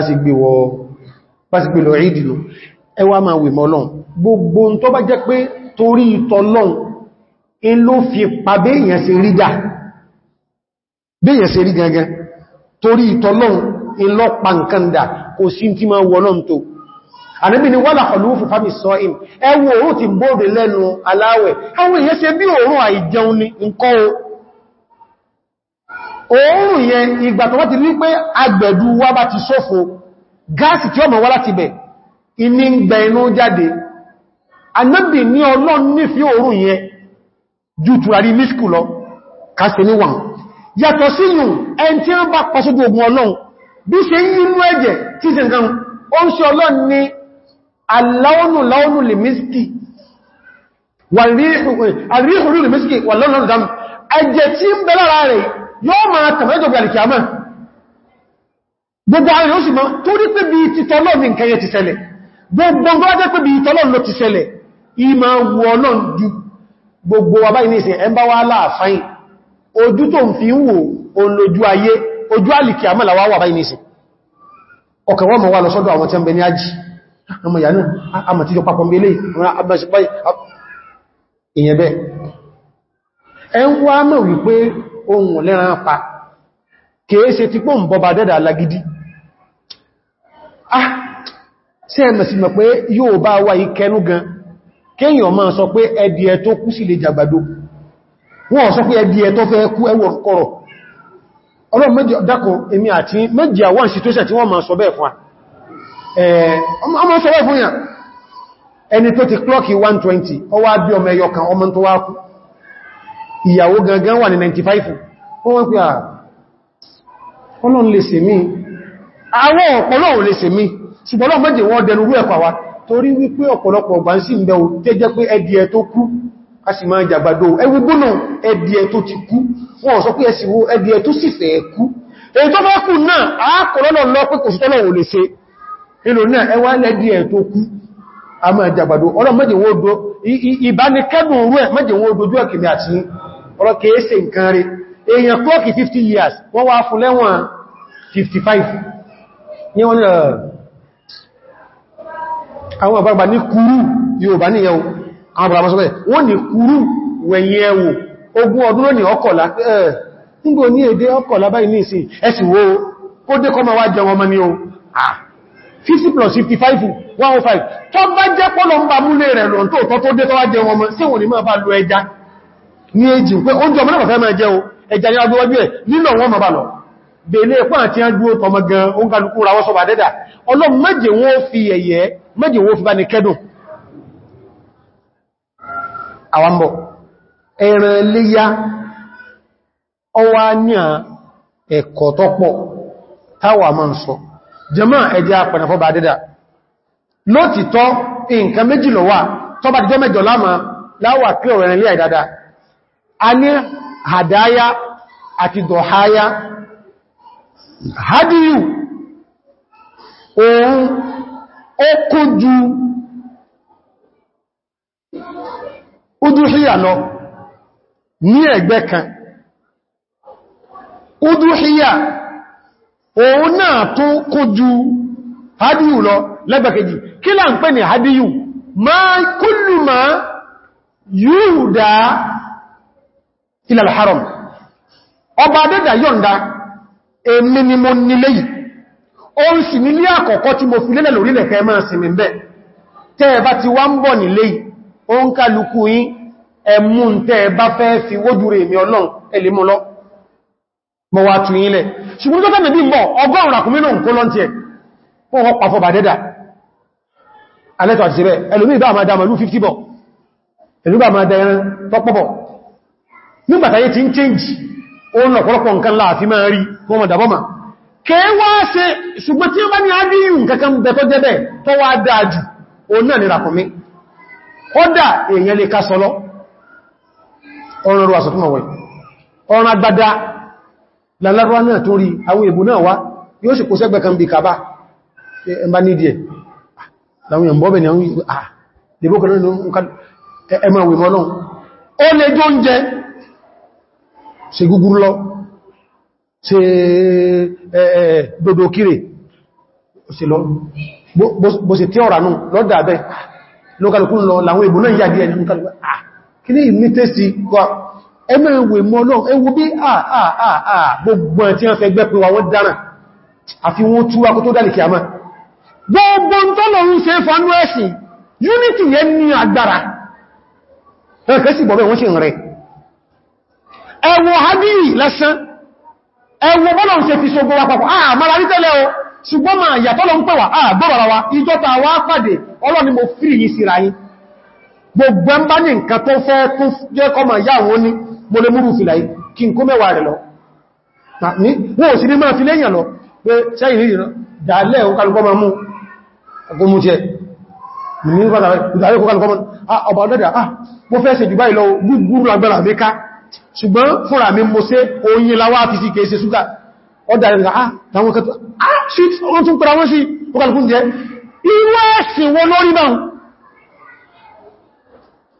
Speaker 1: torí ìtọ́ lọ́n nǹkan dà kò sí tí máa wọ́nà tó àníbì ni wọ́lá ọlúfù fàbí sọ ìm ẹwọ òun ti bóòdè lẹ́nu aláwẹ̀ àwọn èyẹ́ ṣe bí òórùn àìjẹun ní nǹkan o òórùn yẹn ìgbà tó wọ́n ti rí pé agbẹ̀dú wá bá ti ṣòfò gáàsì tí ọmọ wá láti bẹ̀ iní ń inú jáde àníbì ní ọlọ́n bí ṣe nínú ẹ̀jẹ̀ tí ṣe nǹkan ó ń ṣe ọlọ́n ni aláwọnù láwọnù lè mísìkì àríhùrú lè mísìkì wà lọ́nà dámù ẹ̀jẹ̀ tí ń bẹ lára rẹ̀ yóò máa tàbẹ́jọ̀bì alìkìyàmá gbogbo àwọn yóò sì mọ́ tó rí pé bí ti tọ́lọ́ ní nǹkan yẹ ti ṣẹlẹ̀ gbogbo ọgbọ́ jẹ́ pé bí tọ́lọ́ ló ti ṣẹlẹ̀ ìmọ̀ wọ ọlọ́n ju gbogbo wa báyìí ní ìsìn ẹmbá wá ojú tó ń fi ń wò olójú ayé ojú àlìkì àmàlàwà wà báyìí nìsìn ọkà wọ́n mọ̀ wà lọ sọ́dọ̀ àwọn tí ó ń bẹ ní ájì ọmọ ìyànú àmàtíjọ papọ̀ mẹ́lẹ̀ ìyẹn bẹ́ ẹ ah sí ẹ̀mẹ̀ sí mọ̀ pé yóò bá wá ikẹnú gan kéèyàn máa sọ pé ẹdìẹ tó kú sí lè tó fẹ́ kú ẹwọ̀ kọ̀rọ̀ ọlọ́run méjì dákò èmi àti méjì àwọn situation tí wọ́n ma sọ bẹ́ẹ̀ fún à eh, ọmọ sọ bẹ́ẹ̀ fún yà ẹni tó ti klọ́kì 120 ọwá bí ọmọ ẹyọ kan ọmọ tó wá kú ìyàwó gangan wà ní 95 wọ́n pé à ah, ọlọ́run lè sèmí àwọn ọ̀pọ̀lọ́run wọ́n sọ pé ẹsì ẹbí ẹ sì fẹ́ kú èyí tó fẹ́ kú náà àákọ̀lọ́nà lọ pé kò sí tọ́lọ̀ ò lè ṣe ìlò náà ẹwà lẹ́dí ẹ tó kú a máa jàgbàdo ọlọ́mọ́dẹ̀wọ́dọ́ ìbánikẹ́dùn orú years wẹ̀yẹ̀wò ogun ọdún lónìí ọkọ̀lá ẹ̀ nígbò ní èdè ọkọ̀lá báyìí ní ìsìn ẹ̀sì wo ó dé kọ́ ma wá jẹun ọmọ o ah 50 plus 55 105 tó bá jẹ́ pọ́lọ ń bá múlé rẹ̀ lọ tó tọ́ tó dé tó wá jẹun ọmọ sí òun ni bá lo ẹja ní èjì pé oúnjẹ ọmọ náà fẹ́ máa jẹ o ẹja ní agbówájú ẹ̀ nílò wọn máa bá lọ àti gan ẹran léyá ọwá ní ẹ̀kọ́ tọ́pọ̀ táwà ma ń sọ jẹmọ́ ẹjẹ́ apẹ̀nàfọ́ bá dédà lótìtọ́ nǹkan méjì lọ wà tó bá mẹ́jọ láàmà láwà pí ọ̀rọ̀ ẹran léyá a ní hàdáyá àti dọ̀háyá hádìyù ní ẹgbẹ́ kan udúhíyà òun náà tó kójú hadiyu lọ lẹ́gbẹ̀kejì kí là ń pè ní hadiyu ma kullu ma yuhda haram ọba dẹ́dà yọ̀nda èmi ni mo nílé yìí ó ń sì nílé àkọ́kọ́ tí mo fi lélẹ̀ lórílẹ̀ kẹ́ máa ti wá ń bọ̀ nílé yìí ẹmú tẹ́ bá fẹ́ fi wójú rẹ̀ mi ọlọ́run ẹlẹ́mú lọ mọ́ wá tún ilẹ̀ ṣùgbọ́n tó tẹ́mẹ̀ bí mọ́ ọgọ́rùn àkúnmínú nǹkan lọ́n ti ẹ̀ wọ́n pàfọ́ bà dẹ́dà alẹ́tọ̀ àti ṣẹ́bẹ̀ ẹlòmí bá 50 bọ̀ ẹlú bá máa dẹ̀rẹ̀ tọ́pọ̀bọ̀ nígbàtàyé ti ń change òun lọ̀pọ̀lọpọ̀ nǹkan láàfí máa rí wọ́n mọ̀ dàbọ́mà kẹwàá ṣe ṣùgbọ́n tí ó bá ní adíyù kankan ni ràkùnmí kódà èèyàn lè ká sọlọ́ ọ̀rọ̀ rọ̀ àṣọ fún ọwọ́ ọ̀rọ̀ agbádá lálárọ́ náà tó rí àwọn èbò náà wá yóò sì kó sẹ́gbẹ̀ kan bí kàbá ẹmbá ní díẹ̀ ah, láwọn èèyàn bọ́bẹ̀ ni àwọn ìdìbò ah, kan nínú ẹmọ dodo kire bó ṣe tí ọ̀rà ah, náà lọ́dà bẹ́ lókàlùkún lọ láwọn èbò náà yà díẹ̀ nínú kàlùkún kìí ní tẹ́sí kọ́ ẹmọ ìwé mọ́ náà ewu bí àà gbogbo ẹ̀ tí wọ́n fẹ́ gbẹ́ pé wọ́n dára àfi wọ́n tú tó dálì kìámá gbogbo fọ́nú ẹ̀sìn unity ní agbára wọ́n ma ń pẹ̀wà gbogbo ń bá ní nǹkan tó fẹ́ tó jẹ́ kọmọ̀ ìyá àwọn ní mo lè múrù fìlàí kí n kó mẹ́wàá rẹ̀ lọ wọ́n ò sí ní máa fi léyàn lọ pé sẹ́yìn rí dàálẹ̀ òkàlùkọ́ ma mú agbómújẹ ṣùgbọ́n fúnra mi mo ṣe oyin láwá fi sí kèèṣe ṣúgà ọdá ìrìnà ah tàwọn kẹta shit wọ́n tún pẹ̀lú àwọn sí ọkàlùkún jẹ́ ìwọ́ wọn lórí náà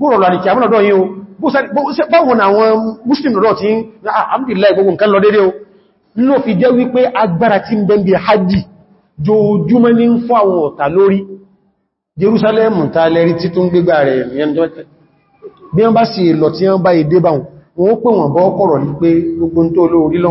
Speaker 1: bóòrọ̀ lọ ní kí àmúnà ọ̀dọ́ yíò báwọn àwọn muslim lọ́dọ̀ tí ah, alhamdulillah gbogbo nǹkan lọ dédé o ló fi jẹ́ wípé agbára tí ń bẹ́m̀bẹ̀ hajji jòjúmọ́ ní ń fọ́ àwọn ọ̀tà lórí Jerusalem ta lẹ́rí tí tó ń gbégbà rẹ̀ bí wọ́n bá sì lọ tí wọ́n bá èdè bá wọn pè wọ́n bọ́ kọ̀rọ̀ ní pé gbogbo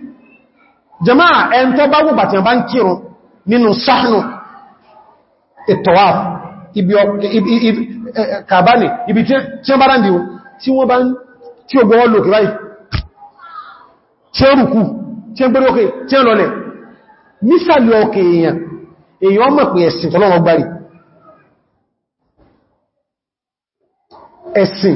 Speaker 1: jama'a ẹn tó bá wù bàtí àbá ń kírun nínú sáànù ibi tí ó bá rándìí tí wọ́n bá ń tí ó gbọ́wọ́ lòkè báyìí tí ó rùkú tí ó gbẹ́rẹ́ òkè tí ó lọlẹ̀ nísàlẹ̀ òkè èèyàn èèyàn mọ̀ pé ẹ̀sìn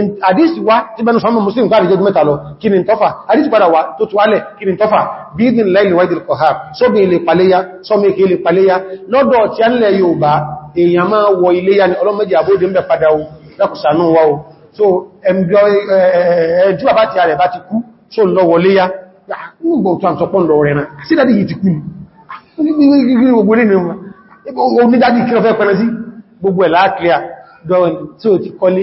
Speaker 1: àdísì wá tí bẹnu sọmọ muslim gbáàrí jẹ́ mẹ́ta lọ kí ni tọ́fà àdísì padà wá tó tuwálẹ̀ kí ni tọ́fà bí i lẹ́lẹ̀ wáìdì kọ̀há sóbi ilẹ̀ paléyá sọmi kí ilẹ̀ paléyá lọ́dọ̀ tí a ń lẹ Yorùbá èèyàn máa wọ iléyá ni ọlọ́mọdé àbóde so ẹjú bàbá ti rẹ̀ bá ti kú tó lọ wọléyá nígbò tó àmsọpọ̀ lọ rẹ̀ rẹ̀ sí dádì yìí ti kú ní gbogbo ní ẹ̀ láàkíyà gọ́ọ̀n tí ó ti kọlé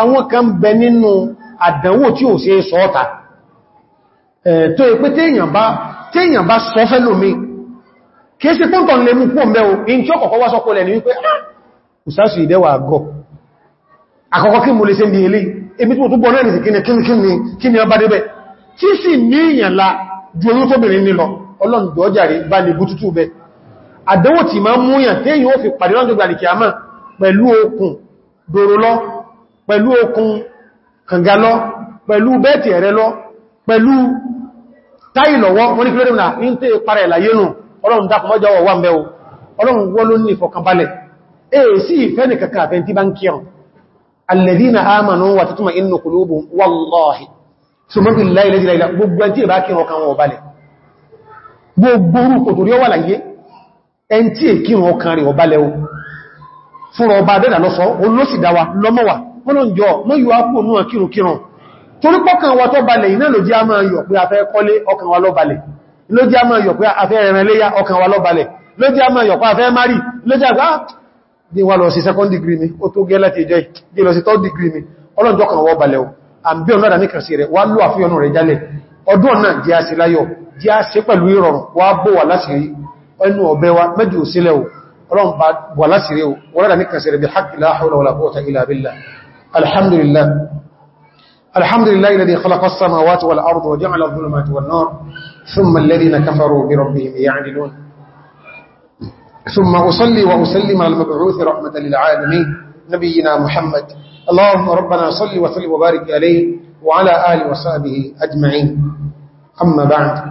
Speaker 1: àwọn kan bẹ nínú àdánwò tí ò sí sọ́ọ̀ta tó è pé téèyàn bá sọ fẹ́lòmí kìí sí pọ́ntọ̀ lè mú pọ́ mẹ́ o in tí ó kọ̀kọ́ wá sọ́kọ́ lẹ̀ ní wípé ìsásù ah, ìdẹ́wà gọ́ àkọ́kọ́ kí mo lè ṣe ń bí ilé ebi tí mo túbọ̀ náà nìsì kíni kíni kíni kíni ọba débẹ̀ tí sì ní ìyànlá pẹ̀lú okùn dòrò lọ pẹ̀lú okun kànga lọ pẹ̀lú bẹ́ẹ̀tì ẹ̀rẹ lọ pẹ̀lú táì lọ́wọ́ wọ́n ní kílódé náà ní tẹ́ parẹ̀ ìlàyé nù ọlọ́run dákùnmọ́jọ́ wà ń bẹ́o ọlọ́run wọ́n ló ní ìfọ̀kànbalẹ̀ èèsí ìfẹ́ ní kàkà àfẹ́ tí bá ń kíyàn alladhina amanu wa tatma'innu qulubuhum wallahi sọmọ́ bí láì lẹ́jìlá ìlà gbogbo ẹn tí fúnra ọba adẹ́dà lọ́sọ́ olóṣìdáwà lọ́mọ́wàá mọ́lọ̀njọ́ mọ́ yíò ápò náà kírùnkírùn torí pọ́kàn wa tó balẹ̀ iná ló jẹ́ a máa yọ̀ pé a fẹ́ kọ́lé ọkàn wa ló balẹ̀ ló jẹ́ a máa yọ̀ pé a fẹ́ ẹran léyá ọkàn wa ló balẹ̀ ló jẹ́ a máa yọ̀ pé a fẹ́ mari ló jẹ́ àgbà ah, dí wa lọ sí second degree mi ó tó gẹ́ láti ìjẹ́ dí lọ sí third degree mi ọlọ́njọ́ kan wọ́ balẹ̀ o àbí ọ̀nà àdáni kàrsí ọlọ́run bá wà láti rí ní kàrsí bí hákìlá haúlà wà ilẹ̀ abílá الحمد لله الحمد لله الذي خلق السماوات والأرض وجعل الظلمات والنار ثم الذين كفروا بربهم يعدلون ثم أصلي وأسلم على المبعوث رحمة للعالمين نبينا محمد اللهم ربنا صل وسلم وبارك عليه وعلى آله وصحبه أجمعين أما بعد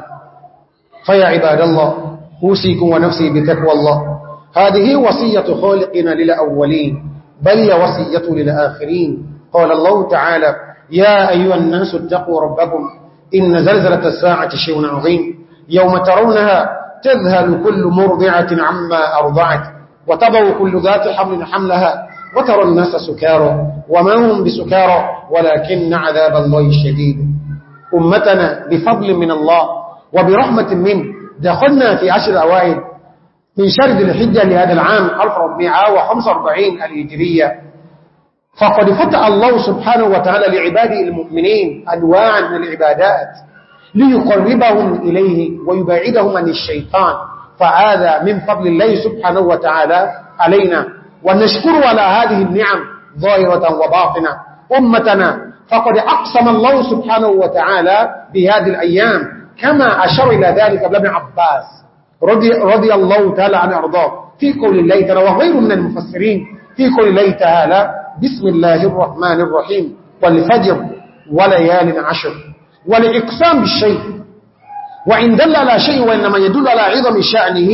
Speaker 1: فيا عباد الله أوسيكم ونفسي بتقوى الله هذه وصية خالقنا للأولين بل هي وصية للآخرين قال الله تعالى يا أيها الناس اتقوا ربكم إن زلزلة الساعة شيء عظيم يوم ترونها تذهل كل مرضعة عما أرضعت وتضع كل ذات حمل حملها وترى الناس سكارى وما هم بسكارى ولكن عذاب الله الشديد أمتنا بفضل من الله وبرحمة منه دخلنا في عشر أوائد من شرد الحجة لهذا العام 1445 الهجرية فقد فتح الله سبحانه وتعالى لعباده المؤمنين أنواعا من العبادات ليقربهم إليه ويبعدهم عن الشيطان فهذا من فضل الله سبحانه وتعالى علينا ونشكر على هذه النعم ظاهرة وباطنة أمتنا فقد أقسم الله سبحانه وتعالى بهذه الأيام كما أشر إلى ذلك ابن عباس رضي, رضي الله تعالى عن أرضاه في قول الله وغير من المفسرين في قول الله تعالى بسم الله الرحمن الرحيم والفجر وليال عشر والإقسام بالشيء وإن دل على شيء وإنما يدل على عظم شأنه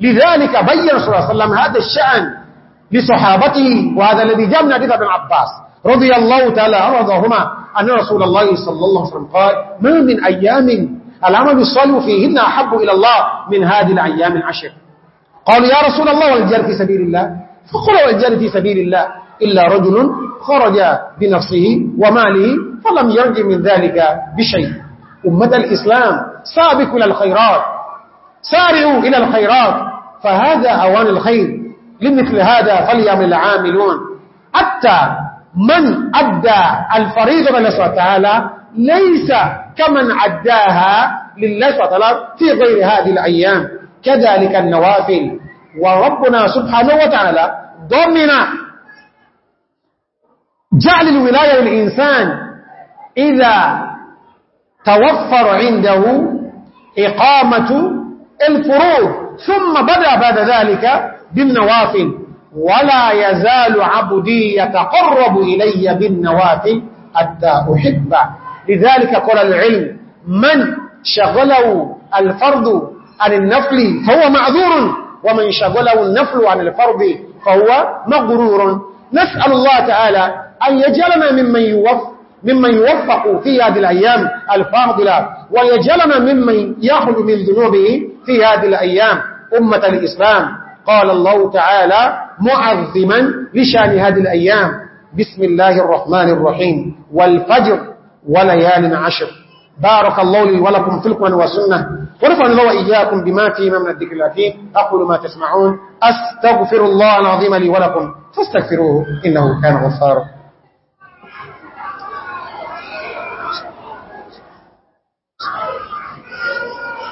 Speaker 1: لذلك بيّن صلى الله عليه وسلم هذا الشأن لصحابته وهذا الذي جاء من عبد بن عباس رضي الله تعالى أرضهما أن رسول الله صلى الله عليه وسلم قال ما من أيام العمل الصالح فيهن أحب إلى الله من هذه الأيام العشر قالوا يا رسول الله والجار في سبيل الله فقل والجار في سبيل الله إلا رجل خرج بنفسه وماله فلم يرجع من ذلك بشيء أمة الإسلام سابق إلى الخيرات سارعوا إلى الخيرات فهذا أوان الخير لمثل هذا فليعمل العاملون حتى من أدى الفريضة من الله تعالى ليس كمن عداها لله تعالى في غير هذه الأيام كذلك النوافل وربنا سبحانه وتعالى ضمن جعل الولاية للإنسان إذا توفر عنده إقامة الفروض ثم بدأ بعد ذلك بالنوافل ولا يزال عبدي يتقرب إلي بالنوافل حتى أحبه لذلك قال العلم من شغله الفرض عن النفل فهو معذور ومن شغله النفل عن الفرض فهو مغرور نسأل الله تعالى أن يجعلنا ممن يوفق ممن يوفق في هذه الأيام الفاضلة ويجعلنا ممن يخرج من ذنوبه في هذه الأيام أمة الإسلام قال الله تعالى معظما لشان هذه الأيام بسم الله الرحمن الرحيم والفجر وليال عشر بارك الله لي ولكم في القرآن والسنة ونفعل الله وإياكم بما فيما من الذكر الأكيم أقول ما تسمعون أستغفر الله العظيم لي ولكم فاستغفروه إنه كان غفارا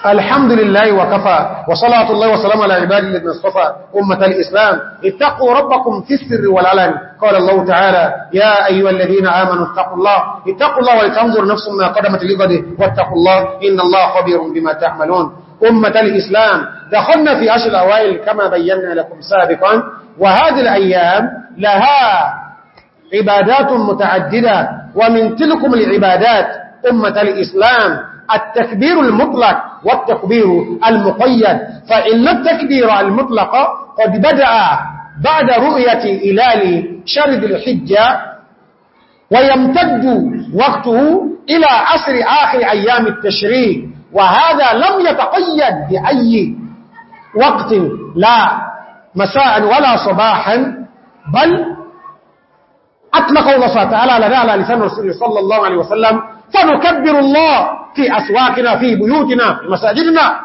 Speaker 1: الحمد لله وكفى وصلاة الله وسلام على عباد الذين اصطفى أمة الإسلام اتقوا ربكم في السر والعلن قال الله تعالى يا أيها الذين آمنوا اتقوا الله اتقوا الله ولتنظر نفس ما قدمت لغده واتقوا الله إن الله خبير بما تعملون أمة الإسلام دخلنا في أشهر الأوائل كما بينا لكم سابقا وهذه الأيام لها عبادات متعددة ومن تلكم العبادات أمة الإسلام التكبير المطلق والتكبير المقيد فإن التكبير المطلق قد بدأ بعد رؤية إلال شرد الحجة ويمتد وقته إلى عصر آخر أيام التشريق وهذا لم يتقيد بأي وقت لا مساء ولا صباحا بل أطلق الله تعالى على لسان رسوله صلى الله عليه وسلم فنكبر الله في أسواقنا في بيوتنا في مساجدنا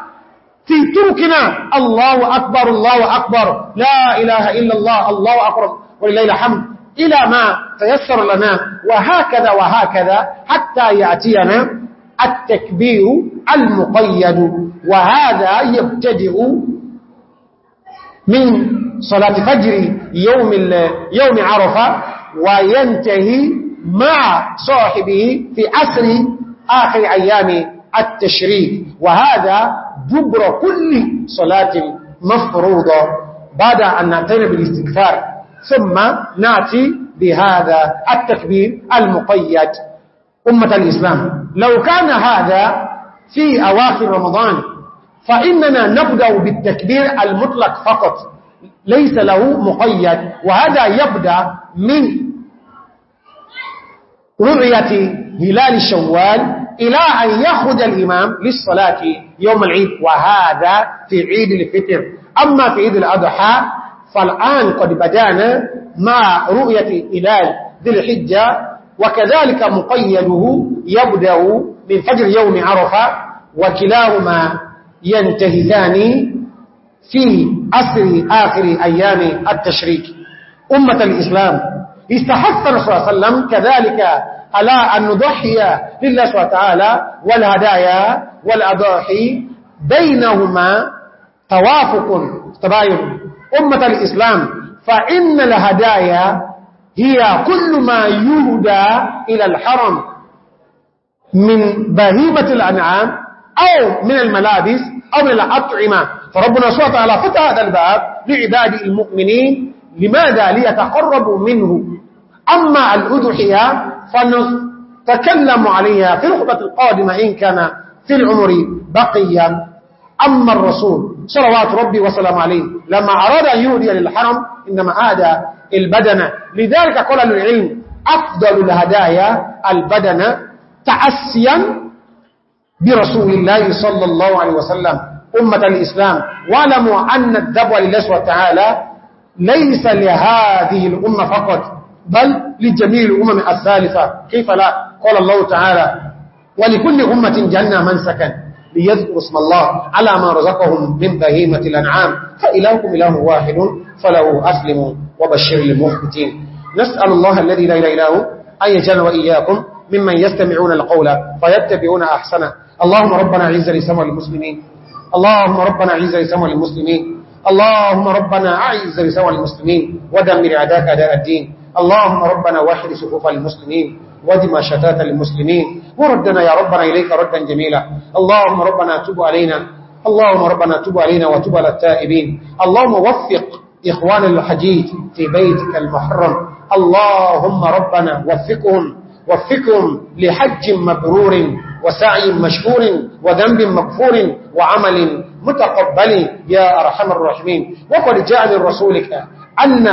Speaker 1: في تركنا الله أكبر الله أكبر لا إله إلا الله الله أكبر ولله الحمد إلى ما تيسر لنا وهكذا وهكذا حتى يأتينا التكبير المقيد وهذا يبتدئ من صلاة فجر يوم, يوم عرفة وينتهي مع صاحبه في أسر آخر أيام التشريف وهذا جبر كل صلاة مفروضة بعد أن نعتني بالاستكفار ثم نأتي بهذا التكبير المقيد أمة الإسلام لو كان هذا في أواخر رمضان فإننا نبدأ بالتكبير المطلق فقط ليس له مقيد وهذا يبدأ من رؤية هلال شوال إلى أن يخرج الإمام للصلاة يوم العيد وهذا في عيد الفطر أما في عيد الأضحى فالآن قد بدأنا مع رؤية هلال ذي الحجة وكذلك مقيده يبدأ من فجر يوم عرفة وكلاهما ينتهيان في أسر آخر أيام التشريك أمة الإسلام استحث الرسول صلى الله عليه وسلم كذلك على أن نضحي لله سبحانه وتعالى والهدايا والأضاحي بينهما توافق تباين أمة الإسلام فإن الهدايا هي كل ما يهدى إلى الحرم من بهيمة الأنعام أو من الملابس أو من الأطعمة فربنا سبحانه وتعالى فتح هذا الباب لعباد المؤمنين لماذا ليتقربوا منه أما الأدحية فنتكلم عليها في الرحبة القادمة إن كان في العمر بقيا أما الرسول صلوات ربي وسلام عليه لما أراد أن يهدي للحرم إنما عاد البدن لذلك قال للعلم أفضل الهدايا البدن تأسيا برسول الله صلى الله عليه وسلم أمة الإسلام واعلموا أن الدبوة لله سبحانه وتعالى ليس لهذه الأمة فقط بل لجميع الأمم الثالثة كيف لا قال الله تعالى ولكل أمة جنة من سكن ليذكر اسم الله على ما رزقهم من بهيمة الأنعام فإلهكم إله واحد فله أسلموا وبشر المحبتين نسأل الله الذي لا إله إله أن يجعل وإياكم ممن يستمعون القول فيتبعون أحسنه اللهم ربنا عز لسمع المسلمين اللهم ربنا عز لسمع المسلمين اللهم ربنا أعز لسوى المسلمين ودمر عداك أداء الدين اللهم ربنا واحد صفوف المسلمين ودم شتات المسلمين وردنا يا ربنا إليك ردا جميلا اللهم ربنا تب علينا اللهم ربنا تب علينا وتب على التائبين اللهم وفق إخوان الحجيج في بيتك المحرم اللهم ربنا وفقهم وفقهم لحج مبرور وسعي مشكور وذنب مكفور وعمل متقبل يا أرحم الراحمين وقد جاء من رسولك أن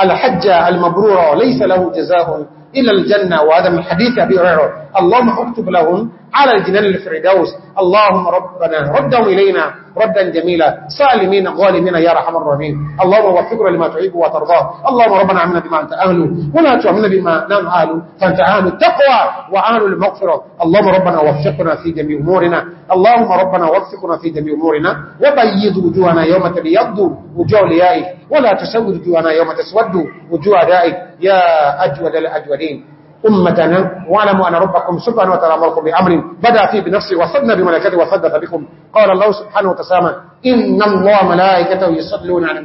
Speaker 1: الحج المبرور ليس له جزاء إلى الجنة وهذا من حديث أبي رعو اللهم اكتب لهم على الجنان الفردوس اللهم ربنا ردهم إلينا ردا جميلا سالمين غالمين يا رحم الرحيم اللهم وفقنا لما تحب وترضاه اللهم ربنا عمنا بما أنت أهل ولا تعمنا بما نام أهل فأنت أهل التقوى وأهل المغفرة اللهم ربنا وفقنا في جميع أمورنا اللهم ربنا وفقنا في جميع أمورنا وبيض وجوهنا يوم تبيض وجوه ليائك ولا تسود وجوهنا يوم تسود وجوه دائك يا أجود الأجودين
Speaker 2: أمتنا
Speaker 1: وعلموا أن ربكم سبحانه وتعالى أمركم بأمر بدأ فيه بنفسه وصدنا بملكته وصدث بكم قال الله سبحانه وتسامى إن الله ملائكته يصلون على